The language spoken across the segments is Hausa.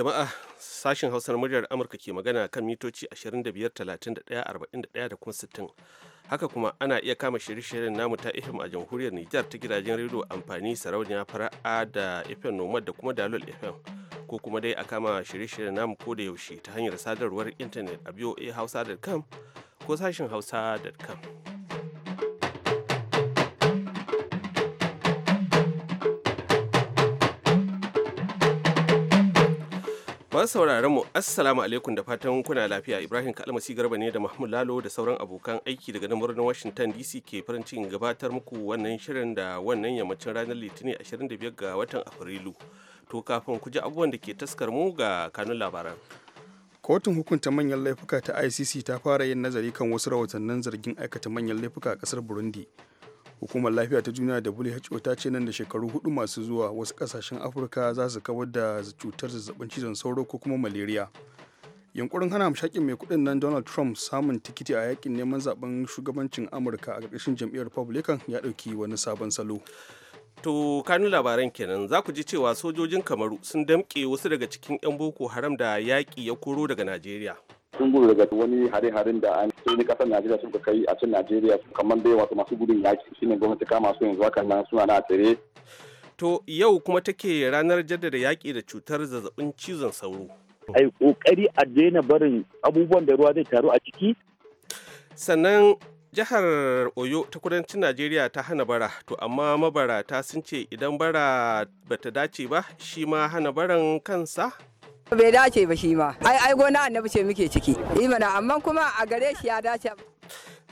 jama'a sashen hausar muryar amurka ke magana kan mitoci 25 da kuma 60 haka kuma ana iya kama shirye-shiryen namu ta ifim a jamhuriyar nijar ta gidajen rediyo amfani sarauniya fara'a da ifim nomad da kuma dalol ifim ko kuma dai a kama shirye-shiryen namu ko da yaushe ta hanyar sadarwar intanet a voahausa.com ko sashen hausa.com Masu sauraron mu assalamu alaikum da fatan kuna lafiya Ibrahim Kalmasi Garba ne da Mahmud Lalo da sauran abokan aiki daga nan birnin Washington DC ke farin cikin gabatar muku wannan shirin da wannan yammacin ranar Litinin 25 ga watan Afrilu. To kafin ku ji abubuwan da ke taskar mu ga kanun labaran. Kotun hukunta manyan laifuka ta ICC ta fara yin nazari kan wasu rahotannin zargin aikata manyan laifuka a kasar Burundi. hukumar lafiya ta duniya da who ta ce nan da shekaru hudu masu zuwa wasu kasashen afirka za su kawar da cutar zazzabin cizon sauro ko kuma malaria yankurin hana mashakin mai kudin nan donald trump samun tikiti a yakin neman zaben shugabancin amurka a ƙarƙashin jam'iyyar republican ya ɗauki wani sabon salo To kanun labaran kenan za ku ji cewa sojojin kamaru sun damƙe wasu daga cikin 'yan boko haram da yaƙi ya koro daga Najeriya. sun gudu daga wani hare-haren da an sai ni kasar Najeriya suka kai a cikin Najeriya kamar dai masu gudun yaki shine gwamnati kama su yanzu haka nan suna na tsare. To yau kuma take ranar jaddada yaki da cutar zazzabin cizon sauro. Ai kokari a daina barin abubuwan da ruwa zai taru a ciki. Sannan jihar oyo ta kudancin najeriya ta hana bara to amma mabarata sun ce idan bara bata dace ba shi ma hana baran kansa bai dace ba shi ma ai ai gona annabi ce muke ciki imana amma kuma a gare shi ya dace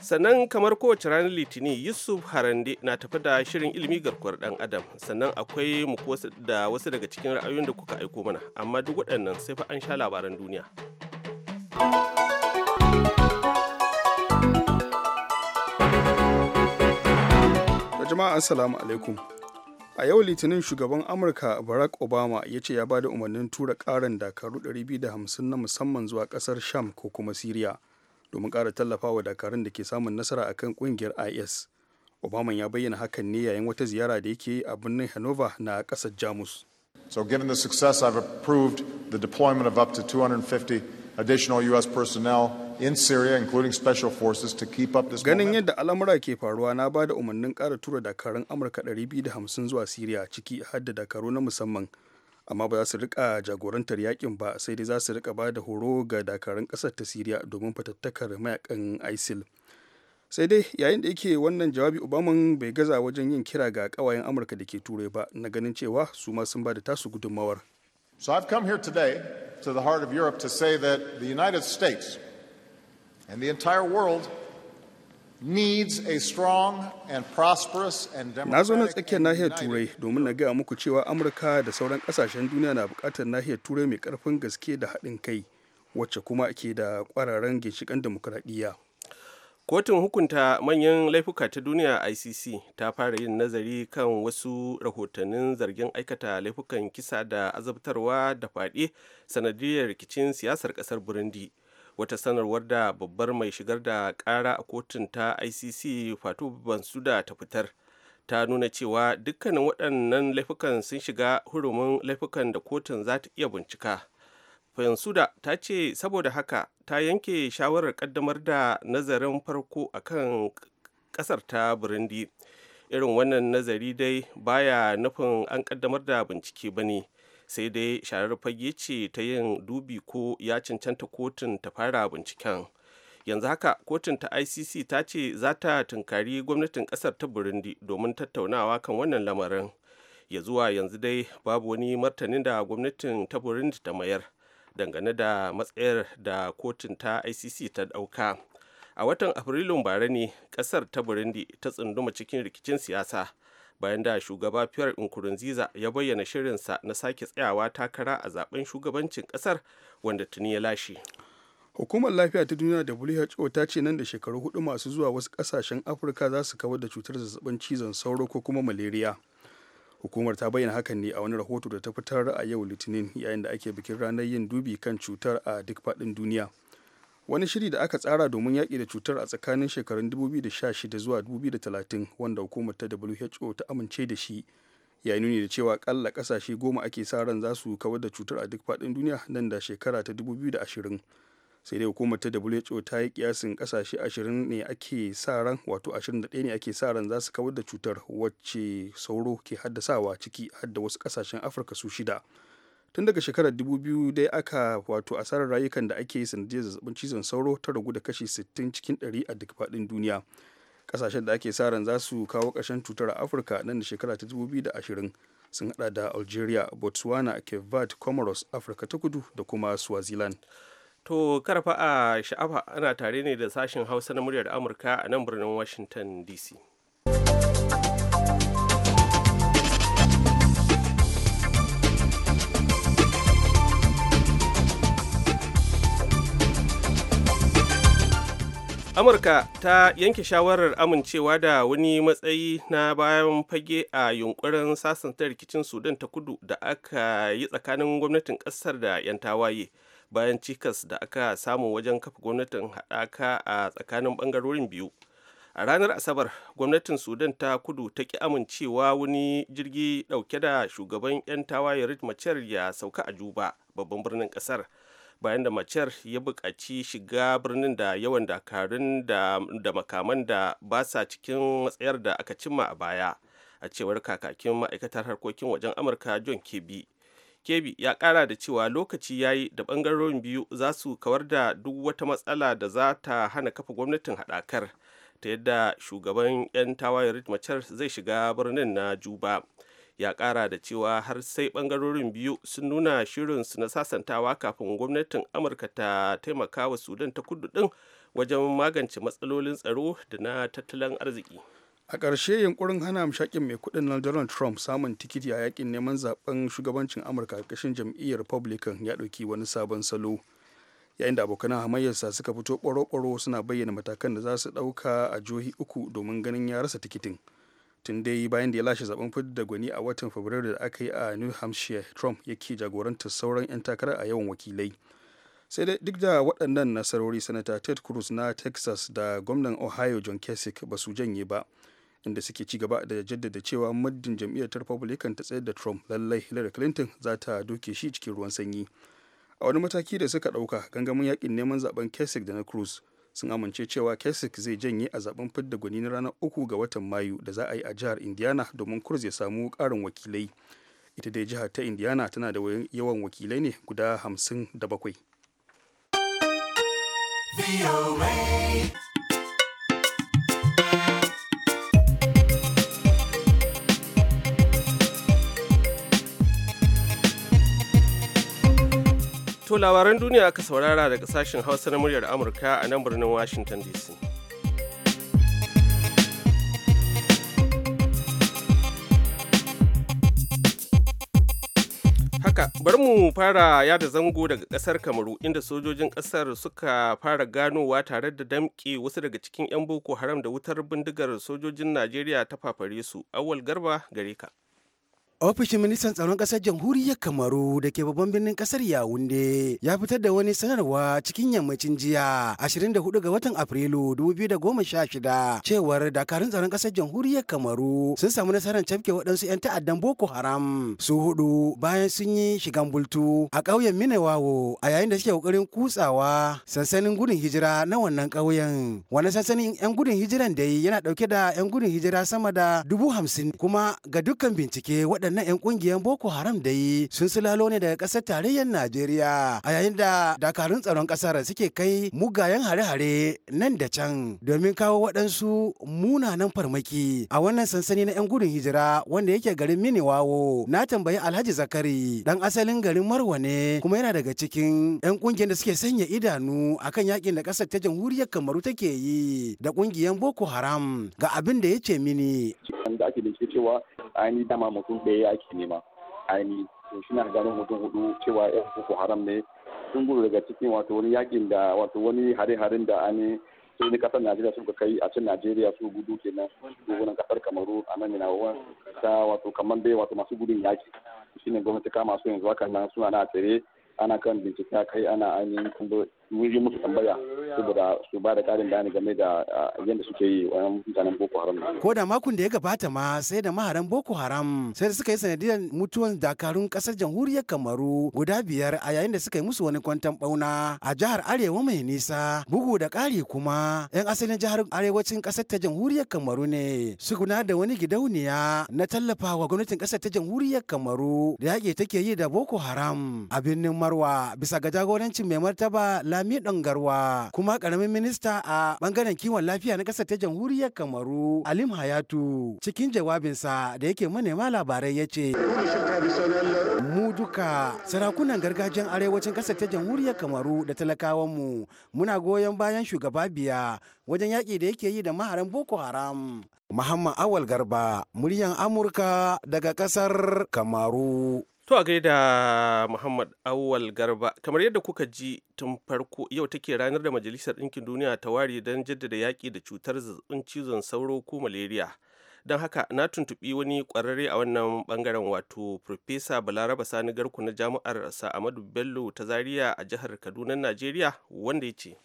sannan kamar kowace ranar litinin yusuf harande na tafi da shirin ilimi garkuwar dan adam sannan akwai mu da wasu daga cikin ra'ayoyin da kuka aiko mana amma duk waɗannan sai fa an sha labaran duniya jama'a assalamu alaikum a yau litinin shugaban amurka barack obama ya ce ya ba da umarnin tura karin dakaru 250 na musamman zuwa kasar sham ko kuma syria domin kara tallafa wa dakarun da ke samun nasara akan kungiyar is obama ya bayyana hakan ne yayin wata ziyara da yake a birnin hannover na kasar jamus so given the success i've approved the deployment of up to 250 additional u.s. personnel in Syria including special forces to keep up this Ganin yadda al'amura ke faruwa na bada umarnin ƙara tura dakarun Amurka 250 zuwa Syria ciki har da dakaru na musamman amma ba za su rika jagorantar yakin ba sai dai za su rika ba da horo ga dakarun ƙasar ta Syria domin fatattakar mayakan ISIL. sai dai yayin da yake wannan jawabi obama bai gaza wajen yin kira ga kawayen amurka da ke turai ba na ganin cewa su ma sun ba da tasu gudunmawar so i've come here today to the heart of europe to say that the united states and the entire world needs a strong and prosperous and Na zo na tsakiyar nahiyar Turai domin na gaya muku cewa Amurka da sauran kasashen duniya na bukatar nahiyar Turai mai karfin gaske da haɗin kai wacce kuma ake da kwararren ginshikan demokuraɗiyya. Kotun hukunta manyan laifuka ta duniya ICC ta fara yin nazari kan wasu rahotannin zargin aikata laifukan kisa da azabtarwa da faɗi sanadiyar rikicin siyasar ƙasar Burundi. wata sanarwar da babbar mai shigar da kara a kotun ta icc fatu bansuda ta fitar ta nuna cewa dukkanin waɗannan laifukan sun shiga hurumin laifukan da kotun za ta iya bincika Fensuda ta ce saboda haka ta yanke shawarar ƙaddamar da nazarin farko kan kasar ta Burundi. Irin wannan nazari dai baya nufin an ƙaddamar da bincike ba ne, sai dai sharar fage ce ta yin dubi ko ya cancanta kotun ta fara binciken yanzu haka kotun ta icc ta ce za ta tunkari gwamnatin kasar ta burundi domin tattaunawa kan wannan lamarin ya zuwa yanzu dai babu wani martanin da gwamnatin ta burundi ta mayar dangane da matsayar da kotun ta icc ta dauka a watan afrilun bara ne kasar ta burundi ta tsunduma cikin rikicin siyasa bayan da shugaba Pierre Nkurunziza ya bayyana shirinsa na sake tsayawa takara a zaben shugabancin kasar wanda tuni ya lashe. Hukumar Lafiya ta Duniya WHO ta ce nan da shekaru hudu masu zuwa wasu kasashen Afirka za su kawar da cutar zazzabin cizon sauro ko kuma malaria. Hukumar ta bayyana hakan ne a wani rahoto da ta fitar a yau Litinin yayin da ake bikin ranar yin dubi kan cutar a duk faɗin duniya. wani shiri da aka tsara domin yaƙi da cutar a tsakanin shekarun 2016 zuwa 2030 wanda hukumar ta who ta amince da shi ya nuni da cewa kalla ƙasashe goma ake sa ran za su kawar da cutar a duk faɗin duniya nan da shekara ta 2020 sai dai hukumar ta who ta yi kiyasin ƙasashe 20 ne ake sa ran wato 21 ne ake sa ran za su kawar da cutar wacce sauro ke haddasawa ciki hadda wasu ƙasashen afirka su shida. tun daga shekarar 2000 dai aka wato asarar rayukan da ake yi sanadiyar zazzabin cizon sauro ta ragu da kashi 60 cikin 100 a duk faɗin duniya kasashen da ake sa ran za su kawo ƙarshen cutar a afirka nan da shekara ta 2020 sun hada da algeria botswana cape verde comoros afirka ta kudu da kuma swaziland to karfa a sha'afa ana tare ne da sashen hausa na muryar amurka a nan birnin washington dc amurka ta yanke shawarar amincewa da wani matsayi na bayan fage a yunkurin sasanta rikicin sudan ta kudu da aka yi tsakanin gwamnatin ƙasar da 'yan tawaye bayan cikas da aka samu wajen kafa gwamnatin haɗaka a tsakanin ɓangarorin biyu a ranar asabar gwamnatin sudan ta kudu ta ki amincewa wani jirgi ɗauke da shugaban 'yan tawaye rit ya sauka a juba babban birnin ƙasar bayan da macer ya buƙaci shiga birnin da yawan dakarun da makaman da ba sa cikin matsayar da aka cimma a baya a cewar kakakin ma'aikatar harkokin wajen amurka john kebi kebi ya kara da cewa lokaci ya yi da ɓangarorin biyu za su kawar da duk wata matsala da za ta hana kafa gwamnatin haɗakar ta yadda shugaban 'yan tawayen ritmachar zai shiga birnin na juba ya kara da cewa har sai bangarorin biyu sun nuna shirin su na sasantawa kafin gwamnatin amurka ta taimaka wa sudan ta kudu din wajen magance matsalolin tsaro da na tattalin arziki a ƙarshe yunkurin hana mashakin mai kudin na donald trump samun tikiti a yakin neman zaben shugabancin amurka a jam'iyyar republican ya ɗauki wani sabon salo yayin da abokan hamayyarsa suka fito ɓaro-ɓaro suna bayyana matakan da za su ɗauka a jihohi uku domin ganin ya rasa tikitin tun dai bayan da ya lashe zaben fidda gwani a watan fabrairu da aka yi a new hampshire trump yake jagorantar sauran 'yan takara a yawan wakilai sai dai duk da waɗannan nasarori sanata ted cruz na texas da gwamnan ohio john kasich ba su janye ba inda suke ci gaba da jaddada cewa muddin jam'iyyar republican ta tsayar da trump lallai hillary clinton za ta doke shi cikin ruwan sanyi a wani mataki da suka ɗauka gangamin yakin neman zaben kasich da na cruz sun amince cewa kasich zai janye a zaben fidda gwani na ranar uku ga watan mayu da za a yi a jihar indiana domin kurz ya samu karin wakilai ita dai jihar ta indiana tana da yawan wakilai ne guda hamsin da bakwai To labaran duniya aka saurara daga sashen Hausa na muryar Amurka a nan birnin Washington DC. Haka, bari mu fara yada zango daga kasar Kamaru inda sojojin kasar suka fara ganowa tare da damƙe wasu daga cikin 'yan Boko Haram da wutar bindigar sojojin Najeriya ta fafare su. Awal Garba gare ka. Ofishin ministan tsaron ƙasar jamhuriyar Kamaru da ke babban birnin ƙasar Yawunde ya fitar da wani sanarwa cikin yammacin jiya 24 ga watan Afrilu 2016 cewar dakarun tsaron ƙasar jamhuriyar Kamaru sun samu nasarar cafke waɗansu 'yan ta'addan Boko Haram su hudu bayan sun yi shigan bultu a ƙauyen Minewawo a yayin da suke ƙoƙarin kutsawa sansanin gudun hijira na wannan ƙauyen. Wani sansanin 'yan gudun hijiran dai yana ɗauke da 'yan gudun hijira sama da dubu kuma ga dukkan bincike waɗanda waɗannan 'yan ƙungiyar boko haram da yi sun sulalo ne daga ƙasar tarayyar najeriya a yayin da dakarun tsaron ƙasar suke kai mugayen hare-hare nan da can domin kawo waɗansu munanan farmaki a wannan sansani na 'yan gudun hijira wanda yake garin miniwawo na tambayi alhaji zakari dan asalin garin marwa ne kuma yana daga cikin 'yan ƙungiyar da suke sanya idanu akan yakin da ƙasar ta jamhuriyar kamaru take yi da ƙungiyar boko haram ga abin da ya ce mini da ake da cewa ainihin dama mutum ɗaya ya ake nema ainihi to shi na gano mutum hudu cewa yan kuku haram ne sun gudu daga cikin wato wani yakin da wato wani hare-haren da an sai ni kasar najeriya suka kai a can najeriya su gudu kenan su wurin kasar kamaru a nan yana wa ta wato kamar dai wato masu gudun yaki shine gwamnati kama su yanzu haka nan suna na tsere ana kan bincike kai ana ainihin kundo yi musu tambaya saboda su ba da karin bayani game da yadda suke yi wa mutanen boko haram ko da makon da ya gabata ma sai da maharan boko haram sai da suka yi sanadiyar mutuwan dakarun kasar jamhuriyar kamaru guda biyar a yayin da suka yi musu wani kwantan bauna a jihar arewa mai nisa bugu da ƙari kuma yan asalin jihar arewacin kasar ta jamhuriyar kamaru ne su guna da wani gidauniya na tallafa tallafawa gwamnatin kasar ta jamhuriyar kamaru da yaƙi take yi da boko haram a birnin marwa bisa ga jagorancin mai martaba Lami Garwa kuma karamin minista a bangaren kiwon lafiya na kasar ta jamhuriyar Kamaru Alim Hayatu cikin jawabinsa da yake manema labarai ya ce mu duka sarakunan gargajiyar arewacin kasar ta jamhuriyar Kamaru da talakawan mu muna goyon bayan shugaba biya wajen yaƙi da yake yi da maharan Boko Haram. Muhammad Awal Garba, muryan Amurka daga ƙasar Kamaru. To a gaida Muhammad Awal Garba, kamar yadda kuka ji tun farko yau take ranar da Majalisar Ɗinkin Duniya ta ware don jaddada yaƙi da cutar zazzabin cizon sauro ko malaria. Don haka na tuntuɓi wani ƙwararre a wannan ɓangaren wato Profesa Balaraba Sani Garku na Jami'ar Sa'amadu Bello ta Zaria a jihar Kaduna, Najeriya, wanda ya ce.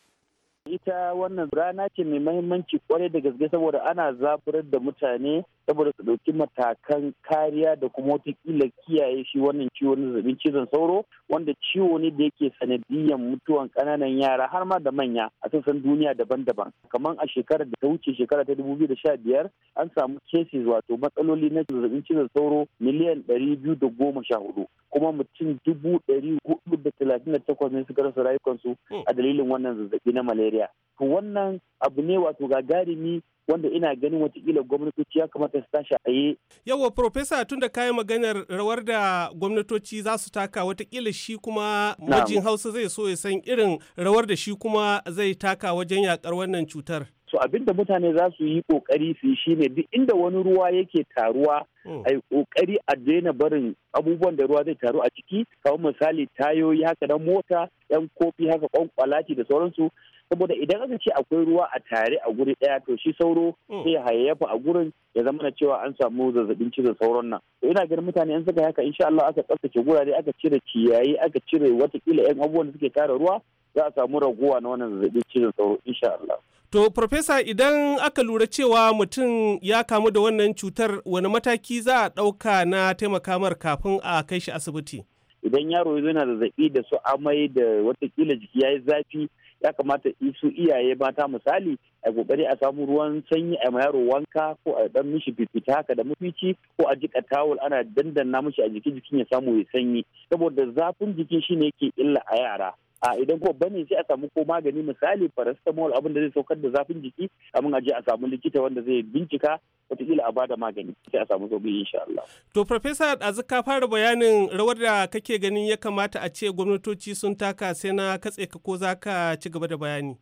ita wannan rana ce mai mahimmanci kwarai da gaske saboda ana zaburar da mutane saboda su ɗauki matakan kariya da kuma watakila kiyaye shi wannan ciwon zazzabin cizon sauro wanda ciwo ne da yake sanadiyyar mutuwan ƙananan yara har ma da manya a sassan duniya daban-daban kamar a shekarar da ta wuce shekara ta dubu da sha biyar an samu cases wato matsaloli na zazzabin cizon sauro miliyan ɗari biyu da goma sha hudu kuma mutum dubu ɗari hudu da talatin da takwas ne suka rasa rayukansu hmm. a dalilin wannan zazzabi na malaria Najeriya. To wannan abu ne wato gagarumi wanda ina ganin watakila gwamnatoci ya kamata su tashi a yi. Yawwa Profesa tun da kayan maganar rawar da gwamnatoci za su taka watakila shi kuma majin Hausa zai so ya san irin rawar da shi kuma zai taka wajen yakar wannan cutar. So abinda mutane za su yi kokari su yi shine duk inda wani ruwa yake taruwa hmm. a yi kokari a daina barin abubuwan da ruwa zai taru a ciki kamar misali tayoyi haka na mota yan kofi haka kwankwalaci da sauransu saboda idan aka ce akwai ruwa a tare a guri ɗaya to shi sauro mm. sai hayayyafa a gurin ya zama na cewa an samu zazzabin cizon sauron nan to ina ganin mutane an saka haka insha Allah aka tsaftace gurare aka cire ciyayi aka cire watakila yan abubuwan da suke kare ruwa za a samu raguwa na wannan zazzabin cizon sauro insha Allah To, professor idan aka lura cewa mutum ya kamu da wannan cutar wani mataki za a ɗauka na taimakamar kafin a kai shi asibiti? Idan yaro yana zazzabi da su amai da watakila jiki ya yi zafi, ya kamata su iyaye mata misali a kokari a samu ruwan sanyi a yaro wanka ko a dan mishi fifita haka da mafici ko a jika tawul ana dandanna mishi a jiki jikin ya samu ya sanyi saboda zafin jikin shine yake illa a yara a idan ko bane sai a samu ko magani misali paracetamol abin da zai saukar da zafin jiki a aje a samu likita wanda zai bincika wata wataƙila a bada magani sai a samu sauƙi insha Allah. To Profesa ɗazu ka fara bayanin rawar da kake ganin ya kamata a ce gwamnatoci sun taka sai na katse ka ko za ka ci gaba da bayani.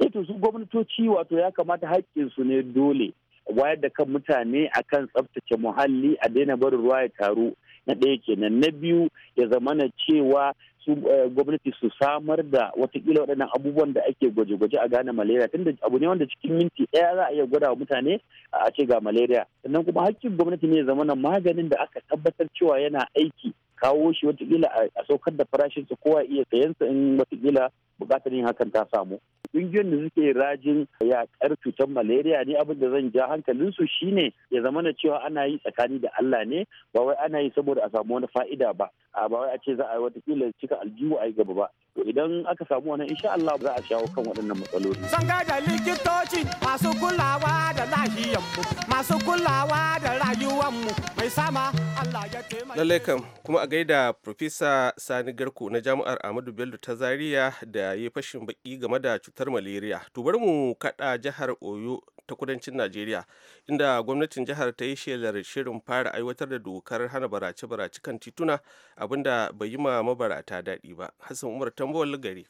Eh to su gwamnatoci wato ya kamata su ne dole wayar da kan mutane akan tsaftace muhalli a daina barin ruwa ya taru na ɗaya kenan na biyu ya zamana cewa su eh, gwamnati su samar da watakila waɗannan abubuwan da ake gwaje-gwaje a gane malaria tunda abu ne wanda cikin minti ɗaya za a iya gwada wa mutane a ce ga malaria sannan kuma hakkin gwamnati ne zama maganin da aka tabbatar cewa yana aiki kawo shi watakila a saukar da farashin farashinsa kowa iya sayan sa in watakila bukatar yin hakan ta samu ƙungiyar da suke rajin yaƙar cutar malaria ne abin da zan ja su shine ya zama na cewa ana yi tsakani da Allah ne ba wai ana yi saboda a samu wani fa'ida ba ba wai a ce za a yi watakila cika aljihu a yi gaba ba to idan aka samu wannan insha Allah za a shawo kan waɗannan matsaloli sanga da likitoci masu kulawa da lahiyar mu masu kulawa da rayuwar mu mai sama Allah ya taimaka kam kuma a gaida profesa Sani Garko na Jami'ar Ahmadu Bello ta Zaria da ya fashin baki game da cutar malaria to bari mu kaɗa jihar Oyo ta kudancin najeriya inda gwamnatin jihar ta yi shelar shirin fara aiwatar da dokar hana barace-barace kan tituna abinda bai yi ma mabarata daɗi ba hassan umar tambawar gari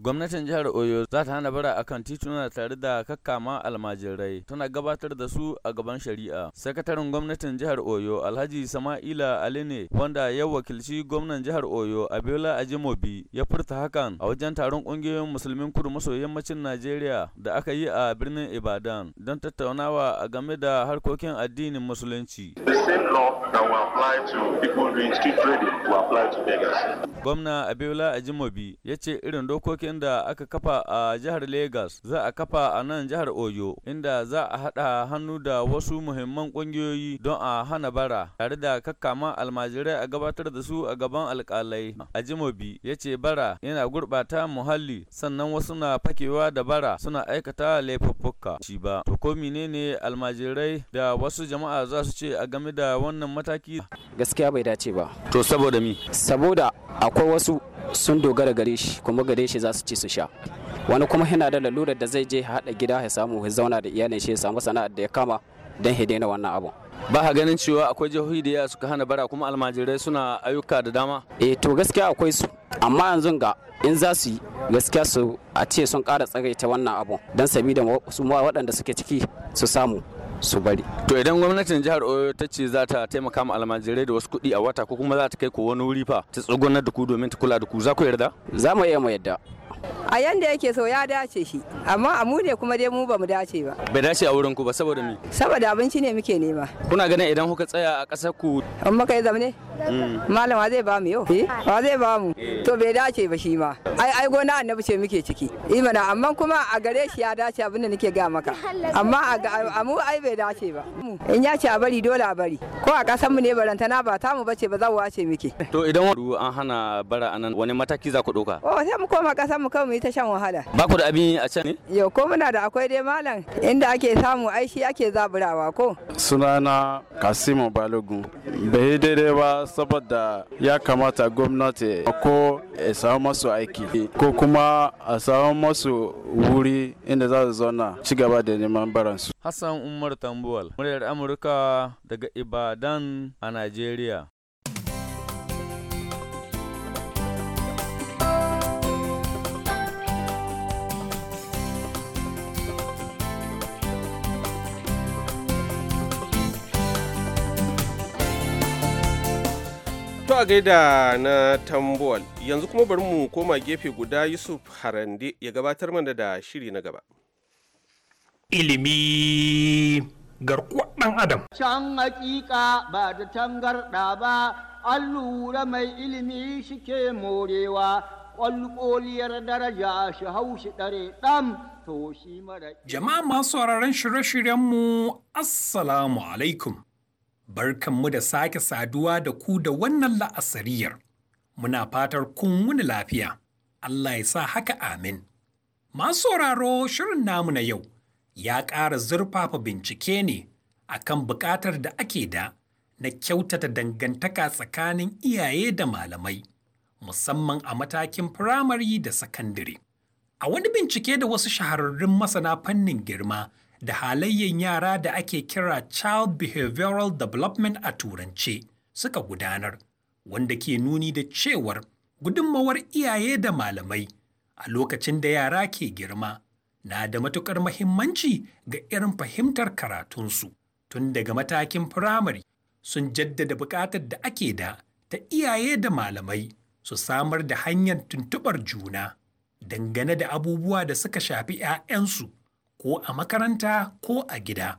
Gwamnatin jihar Oyo za ta hana bara akan tituna tare da kakkama almajirai tana gabatar da su a gaban shari'a. Sakataren gwamnatin jihar Oyo Alhaji Sama'ila Ali wanda ya wakilci gwamnan jihar Oyo Abiola Ajimobi ya furta hakan a wajen taron kungiyoyin musulmin kudu maso yammacin Najeriya da aka yi a birnin Ibadan don tattaunawa a game da harkokin addinin musulunci. Gwamna Abiola Ajimobi ya ce irin dokokin kwamitin da aka kafa a jihar Legas za a kafa a nan jihar Oyo inda za a haɗa hannu da wasu muhimman ƙungiyoyi don a hana bara tare da kakkama almajirai a gabatar da su a gaban alƙalai. Ajimobi ya ce bara yana gurɓata muhalli sannan wasu na fakewa da bara suna aikata laifuffuka shi ba. To ko menene almajirai da wasu jama'a za su ce a game da wannan mataki? Gaskiya bai dace ba. To saboda mi? Saboda akwai wasu sun dogara gare shi kuma gare shi za su ci su sha wani kuma yana da lalurar da zai je haɗa gida ya samu ya zauna da iyalin shi ya samu sana'ar da ya kama don ya daina wannan abun ba ha ganin cewa akwai jihohi da yawa suka hana bara kuma almajirai suna ayyuka da dama eh to gaskiya akwai su amma yanzu ga in za su yi gaskiya su a ce sun ƙara tsagaita wannan abun don sabida su ma waɗanda suke ciki su samu su bari to idan gwamnatin jihar oyo ta ce za ta taimaka ma almajirai da wasu kuɗi a wata ko kuma za ta kai ku wani wuri fa ta tsugunar da ku domin ta kula da ku za ku yarda za mu iya mu yarda a yanda yake so ya dace shi amma a mu ne kuma dai mu bamu dace ba bai dace a wurin ku ba saboda mi? saboda abinci ne muke nema kuna ganin idan kuka tsaya a ƙasar ku an muka yi zamne Mm. malama zai ba mu yau ba eh? eh, zai ba mu to bai dace ba shi ma ai ai gona annabi ce muke ciki imana eh amma kuma a gare shi ya dace abin da nake ga maka amma a mu ai bai dace ba in ya ce a bari dole a bari ko a kasan mu ne barantana ba ta mu bace ba za wace muke to idan wani an hana bara anan wani mataki za ku doka oh sai mu koma kasan mu kawai mu yi ta shan wahala ba ku da abin a can ne yo ko muna da akwai dai malam inda ake samu ai shi ake zaburawa ko sunana kasimu balogun bai daidai ba saboda ya kamata gwamnati ko a samu masu aiki ko kuma a samu masu wuri inda za su zauna ci gaba da neman baransu. Hassan Umar Tambuwal, muryar Amurka daga Ibadan a Najeriya. To a gaida na tambuwal yanzu kuma bari mu koma gefe guda Yusuf Harande ya gabatar mana da shiri na gaba. Ilimi garkuwar ɗan Adam. Can hakika ba da tangarɗa ba, allura mai ilimi shike morewa, ƙwalƙoliyar daraja shi haushi ɗare ɗam to shi mara. Jama'a masu wararen shirye-shiryenmu, Assalamu alaikum. Barkanmu da sake saduwa da ku da wannan la'asariyar. Muna fatar kun wuni lafiya. Allah ya sa haka amin. Masu sauraro shirin namu na yau ya ƙara zurfafa bincike ne a kan buƙatar da ake da na kyautata dangantaka tsakanin iyaye da malamai, musamman a matakin firamari da sakandare. A wani bincike da wasu shahararrun masana fannin girma da halayyen yara da ake kira Child Behavioral Development a Turance suka gudanar, wanda ke nuni da cewar gudunmawar iyaye da malamai a lokacin da yara ke girma na da matuƙar mahimmanci ga irin fahimtar karatunsu tun daga matakin firamare sun jaddada buƙatar da ake da ta iyaye da malamai su samar da hanyar tuntuɓar juna dangane da abubuwa da suka shafi 'ya'yansu ko a makaranta ko a gida.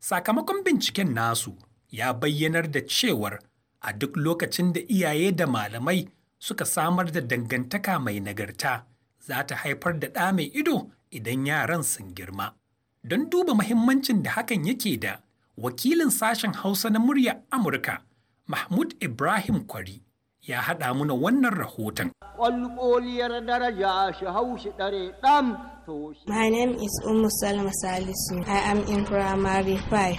Sakamakon binciken nasu ya bayyanar da cewar a duk lokacin da iyaye da malamai suka samar da dangantaka mai nagarta za ta haifar da ɗa mai ido idan yaran sun girma. Don duba mahimmancin da hakan yake da wakilin sashen Hausa na murya Amurka, Mahmud Ibrahim Kwari, ya haɗa muna wannan rahoton. Ƙwalƙoliyar daraja shi haushi ɗare ɗam My name is Umu Salma Salisu. I am in primary five.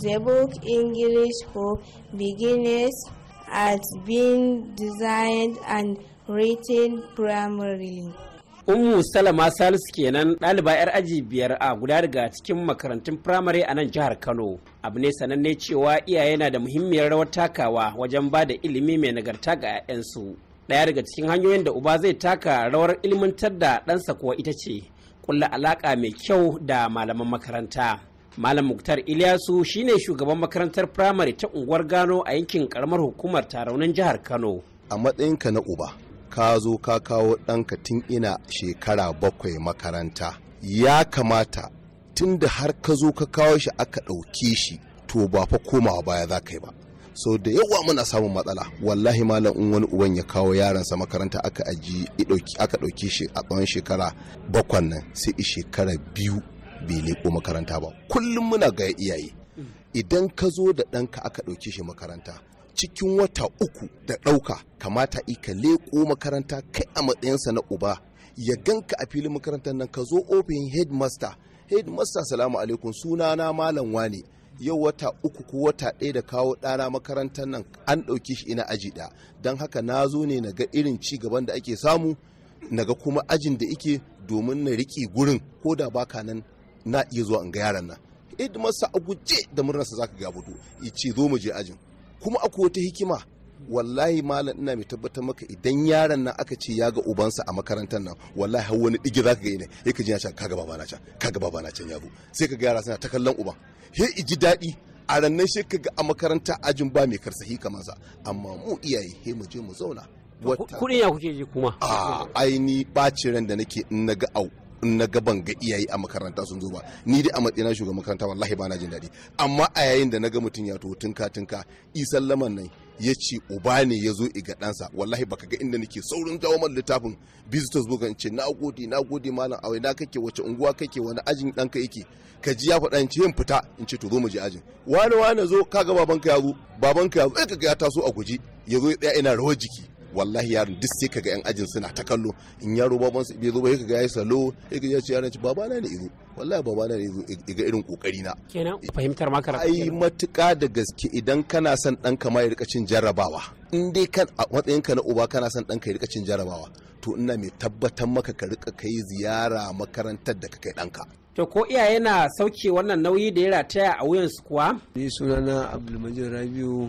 The book English for Beginners has been designed and written primarily. Ummu Salama Salisu kenan ɗaliba 'yar aji biyar a guda daga cikin makarantun firamare a nan jihar Kano. Abu ne sananne cewa iyaye na da muhimmiyar rawar takawa wajen ba da ilimi mai nagarta ga 'ya'yansu. Daya daga cikin hanyoyin da uba zai taka rawar ilmantar da ɗansa kuwa ita ce kulla alaƙa mai kyau da malaman makaranta malam muktar iliyasu shine shugaban makarantar firamare ta unguwar gano a yankin karamar hukumar taraunin jihar kano a matsayinka na uba ka zo ka kawo ɗanka tun ina shekara bakwai makaranta ya kamata tun da har ka zo ka kawo shi aka ɗauke shi to ba fa komawa baya za ka yi ba so da yawa muna samun matsala wallahi malam in wani uban ya kawo yaransa makaranta aka aji aka ɗauki shi a tsawon shekara bakwan nan sai shekara biyu bai leko makaranta ba kullum muna ga iyaye idan ka zo da ɗanka aka ɗauki shi makaranta cikin wata uku da ɗauka kamata ka leƙo makaranta kai a matsayinsa na uba ya ganka a filin makarantar nan ka zo open headmaster headmaster salamu alaikum sunana malam wane yau wata uku ko wata ɗaya da kawo ɗana makarantar nan an ɗauki shi ina aji ɗaya don haka na zo ne na ga irin ci gaban da ake samu na ga kuma ajin da ike domin na riƙe gurin ko da baka nan na iya zuwa in ga yaran nan hidimarsa a guje da murnarsa za ka budu ya ce zo mu je ajin kuma akwai wata hikima wallahi malam ina mai tabbatar maka idan yaron nan aka ce ya ga ubansa a makarantar nan wallahi har wani digi zaka ga ne sai ka ji ya ce baba na can kaga na can yaro sai ka ga yara suna ta kallon uban he iji daɗi a rannan shi ka ga a makaranta ajin ba mai karsahi kamar sa amma mu iyaye he mu je mu zauna kuɗin ya kuke ji kuma a aini ɓacin ran da nake in na ga au in na gaban ga iyaye a makaranta sun zo ba ni dai a matsayina shugaban makaranta wallahi ba na jin daɗi amma a yayin da na ga mutum ya to tunka tunka isan laman nan ya ce uba ne ya zo iga ɗansa wallahi baka ga inda nake saurin dawo littafin visitors book in ce na gode na gode malam awai na kake wace unguwa kake wani ajin ɗanka yake ka ji ya faɗa in ce yin fita in ce to zo mu je ajin wani wani zo kaga babanka ya zo babanka ya zo ka ga ya taso a guje ya zo ya tsaya ina rawar jiki wallahi yaron duk sai kaga yan ajin suna ta kallo in yaro baban su bai zo ba sai kaga yayi salo sai kaga ce yaron baba na ne izo wallahi baba na ne izo ga irin kokari na kenan fahimtar ma karatu ai matuka da gaske idan kana son dan ka ma ya rika cin jarrabawa in dai kan a matsayinka na uba kana son dan ka ya rika cin jarrabawa to ina mai tabbatar maka ka rika kai ziyara makarantar da ka kai ɗanka. To ko iyaye na sauke wannan nauyi da ya rataya a wuyansu kuwa? Ni sunana Abdulmajid Rabiu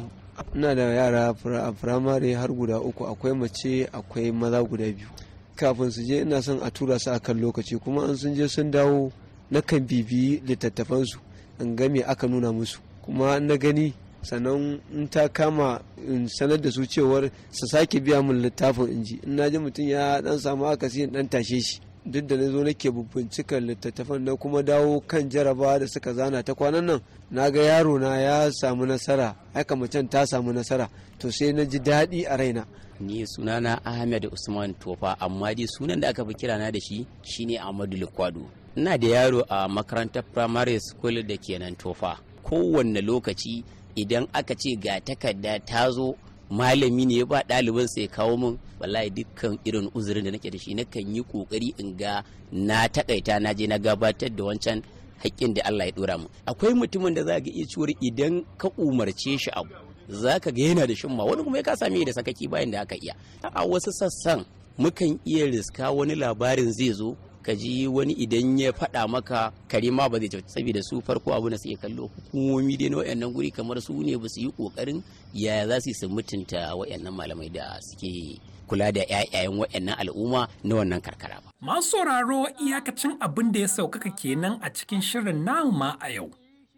ina da yara a firamare har guda uku akwai mace akwai maza guda biyu kafin su je ina son a tura su akan lokaci kuma an sun je sun dawo na kan bibiyi littattafansu in ga me aka nuna musu kuma na gani sannan in ta kama in sanar da su cewar su sake biya min littafin in ji in na ji mutum ya dan samu akasi in dan tashe shi duk da na zo nake bincikar littattafan na kuma dawo kan jaraba da suka zana ta kwanan nan na ga yaro na ya samu nasara aika macen ta samu nasara to sai na ji daɗi a raina ni sunana ahmed usman tofa amma dai sunan da aka fi kira na da shi shine ahmadu likwado ina da yaro a makarantar primary school da kenan tofa kowanne lokaci idan aka ce ga takarda ta zo malami ne ya ba ɗaliban sai kawo min wallahi dukkan irin uzurin da nake da shi na kan yi kokari in ga na takaita na je na gabatar da wancan haƙƙin da Allah ya dora mu akwai mutumin da za ga iya ciwar idan ka umarce shi abu za ka ga yana da shimma wani kuma ya kasa mai da sakaki bayan da aka iya a wasu sassan mukan iya riska wani labarin zai zo ka ji wani idan ya faɗa maka kare ma ba zai kyauta saboda su farko abu na suke kallo hukumomi dai na wayannan guri kamar su ne ba su yi kokarin yaya za su yi su mutunta wayannan malamai da suke kula da 'ya'yayen wayannan al'umma na wannan karkara ba. Masu sauraro iyakacin abin da ya saukaka kenan a cikin shirin namu ma a yau.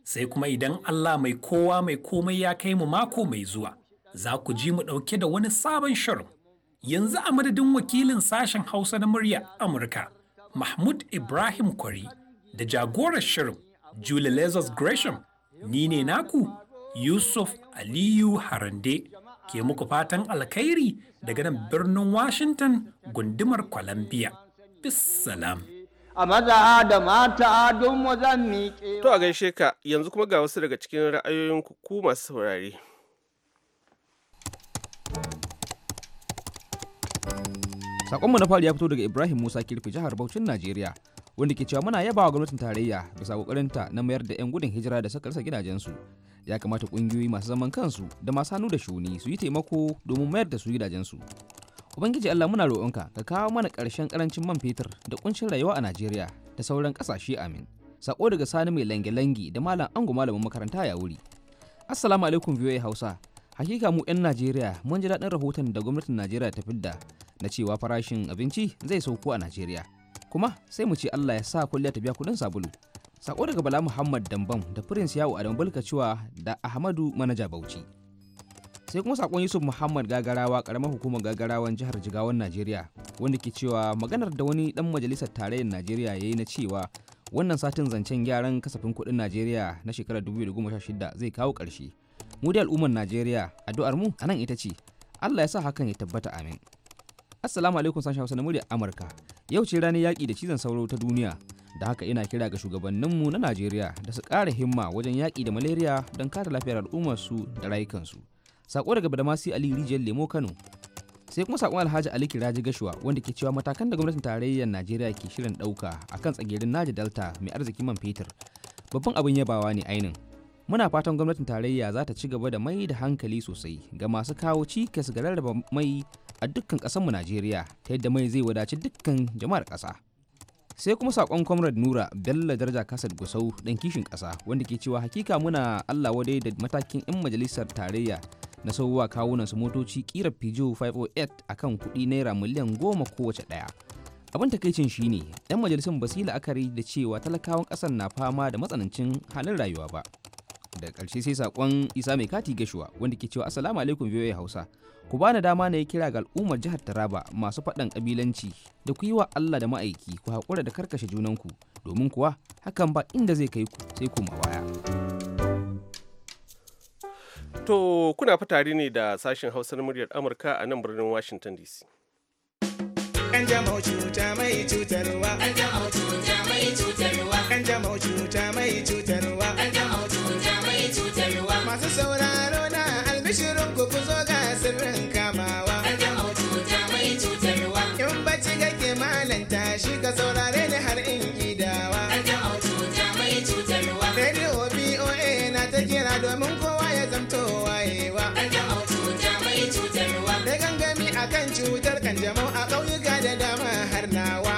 Sai kuma idan Allah mai kowa mai komai ya kai mu mako mai zuwa, za ku ji mu ɗauke da wani sabon shirin. Yanzu a madadin wakilin sashen Hausa na murya Amurka, Mahmud Ibrahim Kwari da jagorar shirin Julie Lazarus Gresham ni ne naku Yusuf Aliyu Harande ke muku fatan alkhairi daga nan birnin Washington gundumar Columbia. Bissalam. A maza da mata don mu zan miƙe. To a gaishe ka yanzu kuma ga wasu daga cikin ra'ayoyin kuku masu saurare. Sakonmu na fari ya fito daga Ibrahim Musa Kirfi jihar Bauchin Najeriya wanda ke cewa muna yabawa gwamnatin tarayya bisa kokarinta na mayar da 'yan gudun hijira da suka rasa gidajensu. Ya kamata kungiyoyi masu zaman kansu da masu hannu da shuni su yi taimako domin mayar da su gidajensu. Ubangiji Allah muna roƙonka ka kawo mana ƙarshen ƙarancin man fetur da ƙunshin rayuwa a Najeriya da sauran ƙasashe amin. Sako daga Sani mai lange langi da Malam Ango malamin makaranta ya wuri. Assalamu alaikum biyoyi Hausa. Hakika mu 'yan Najeriya mun ji daɗin rahoton da gwamnatin Najeriya ta fidda na cewa farashin abinci zai sauko a najeriya kuma sai mu ce allah ya sa kwalliya ta biya kuɗin sabulu sako daga bala muhammad dambam da prince yawo adamu bulka cewa da ahmadu manaja bauchi sai kuma sakon yusuf muhammad gagarawa karamar hukumar gagarawan jihar jigawan najeriya wanda ke cewa maganar da wani dan majalisar tarayyar najeriya ya yi na cewa wannan satin zancen gyaran kasafin kuɗin najeriya na shekarar 2016 zai kawo ƙarshe mu da al'ummar najeriya addu'ar mu anan ita ce allah ya sa hakan ya tabbata amin Assalamu alaikum sashen Hausa na murya Amurka. Yau ce ranar yaƙi da cizon sauro ta duniya. Da haka ina kira ga shugabanninmu na Najeriya da su ƙara himma wajen yaƙi da malaria don kare lafiyar al'ummar su da rayukansu. Sako daga Badamasi Ali Rijiyar Lemo Kano. Sai kuma sakon Alhaji Ali Kiraji Gashuwa wanda ke cewa matakan da gwamnatin tarayyar Najeriya ke shirin ɗauka akan tsagirin Naja Delta mai arzikin man fetur. Babban abin yabawa ne ainin muna fatan gwamnatin tarayya za ta ci gaba da mai da hankali sosai ga masu kawo cikas ga rarraba mai a dukkan mu najeriya ta yadda mai zai wadaci dukkan jama'ar kasa. sai kuma sakon comrade nura bello daraja kasar gusau dan kishin ƙasa wanda ke cewa hakika muna allah wadai da matakin 'yan majalisar tarayya na sauwa kawunan su motoci kira pijo 508 akan kuɗi naira miliyan goma kowace ɗaya abin takaicin shine 'yan majalisar basu la'akari da cewa talakawan ƙasar na fama da matsanancin halin rayuwa ba da ƙarshe sai saƙon isa mai kati gashuwa wanda ke cewa assalamu alaikum biyu hausa ku bani dama na yi kira ga al'ummar jihar taraba masu faɗan ƙabilanci da ku yi wa allah da ma'aiki ku haƙura da karkashe junanku domin kuwa hakan ba inda zai kai ku sai ku baya to kuna fitari ne da sashen hausar muryar amurka a nan birnin washington dc kanjamau cuta mai cutarwa cuta mai cutarwa cuta mai cutarwa masu sauraro na albishirin ku ku zo ga sirrin kamawa in bacci kake malam tashi ka saurare ni har in gidawa radio boa na ta kira domin kowa ya zamto wayewa da gangami akan cutar kanjamau a ƙauyuka da dama har nawa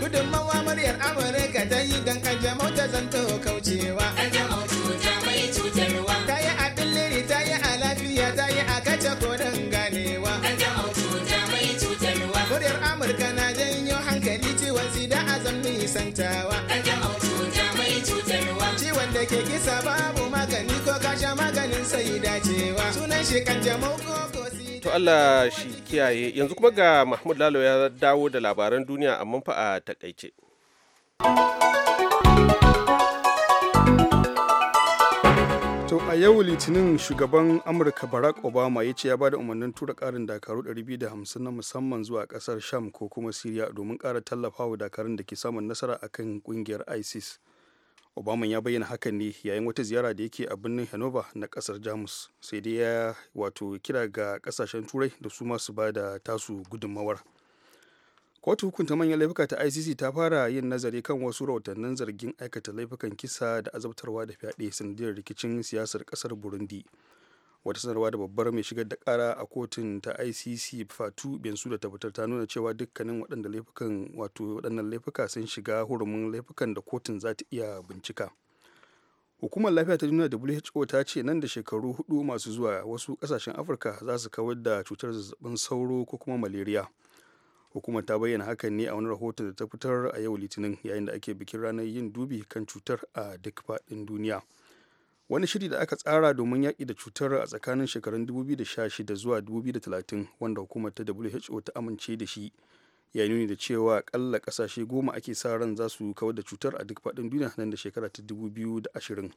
gudunmawa muryar amurka ta yi don kanjamau ta zanto kaucewa hutawa ciwon da ke kisa babu magani ko kasha maganin sai dacewa sunan shi kan jamau ko to Allah shi kiyaye yanzu kuma ga Mahmud Lalo ya dawo da labaran duniya amma fa a takaice. to a yau litinin shugaban amurka barack obama ya ce ya bada umarnin tura karin dakaru 250 na musamman zuwa kasar sham ko kuma syria domin kara tallafawa dakarun da ke samun nasara akan kungiyar isis obama ya bayyana hakan ne yayin wata ziyara da yake a birnin hanover na kasar jamus sai dai ya wato kira ga kasashen turai da su masu ba da tasu gudunmawar kotu hukunta manyan laifuka ta icc ta fara yin nazari kan wasu rahotannin zargin aikata laifukan kisa da azabtarwa da fyaɗe sanadiyar rikicin siyasar ƙasar burundi wata sanarwa da babbar mai shigar da ƙara a kotun ta icc fatu bensu da tabbatar ta nuna cewa dukkanin waɗanda laifukan wato waɗannan laifuka sun shiga hurumin laifukan da kotun za ta iya bincika hukumar lafiya ta duniya who ta ce nan da shekaru hudu masu zuwa wasu kasashen afirka za su kawar da cutar zazzabin sauro ko kuma maleriya. hukumar ta bayyana hakan ne a wani rahoto da ta fitar a yau litinin yayin da ake bikin ranar yin dubi kan cutar a duk faɗin duniya wani shiri da aka tsara domin yaƙi da cutar a tsakanin shekarun 2016 zuwa 2030 wanda hukumar ta who ta amince da shi ya nuni da cewa akalla kasashe goma ake sa ran za su kawar da cutar a duk faɗin duniya nan da shekara ta 2020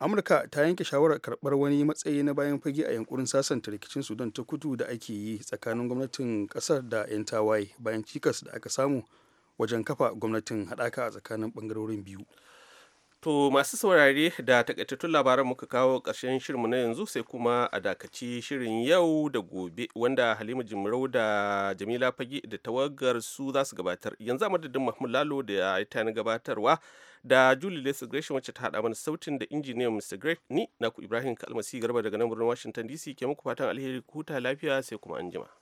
amurka ta yanke shawarar karɓar wani matsayi na bayan fage a yankurin sasanta rikicin sudan ta kudu da ake yi tsakanin gwamnatin kasar da 'yan tawaye bayan cikas da aka samu wajen kafa gwamnatin haɗaka a tsakanin ɓangarorin biyu To masu saurare da takaitattun labaran muka kawo ƙarshen shirinmu na yanzu sai kuma a dakaci shirin yau da gobe wanda Halima Jimrau da Jamila Fage da tawagar su za su gabatar. Yanzu a madadin Mahmud Lalo da ya tani gabatarwa da Julie Lesa Gresham wacce ta haɗa mana sautin da injiniyan Mr. Greg ni na ku Ibrahim Kalmasi Garba daga nan birnin Washington DC ke muku fatan alheri ku huta lafiya sai kuma anjima.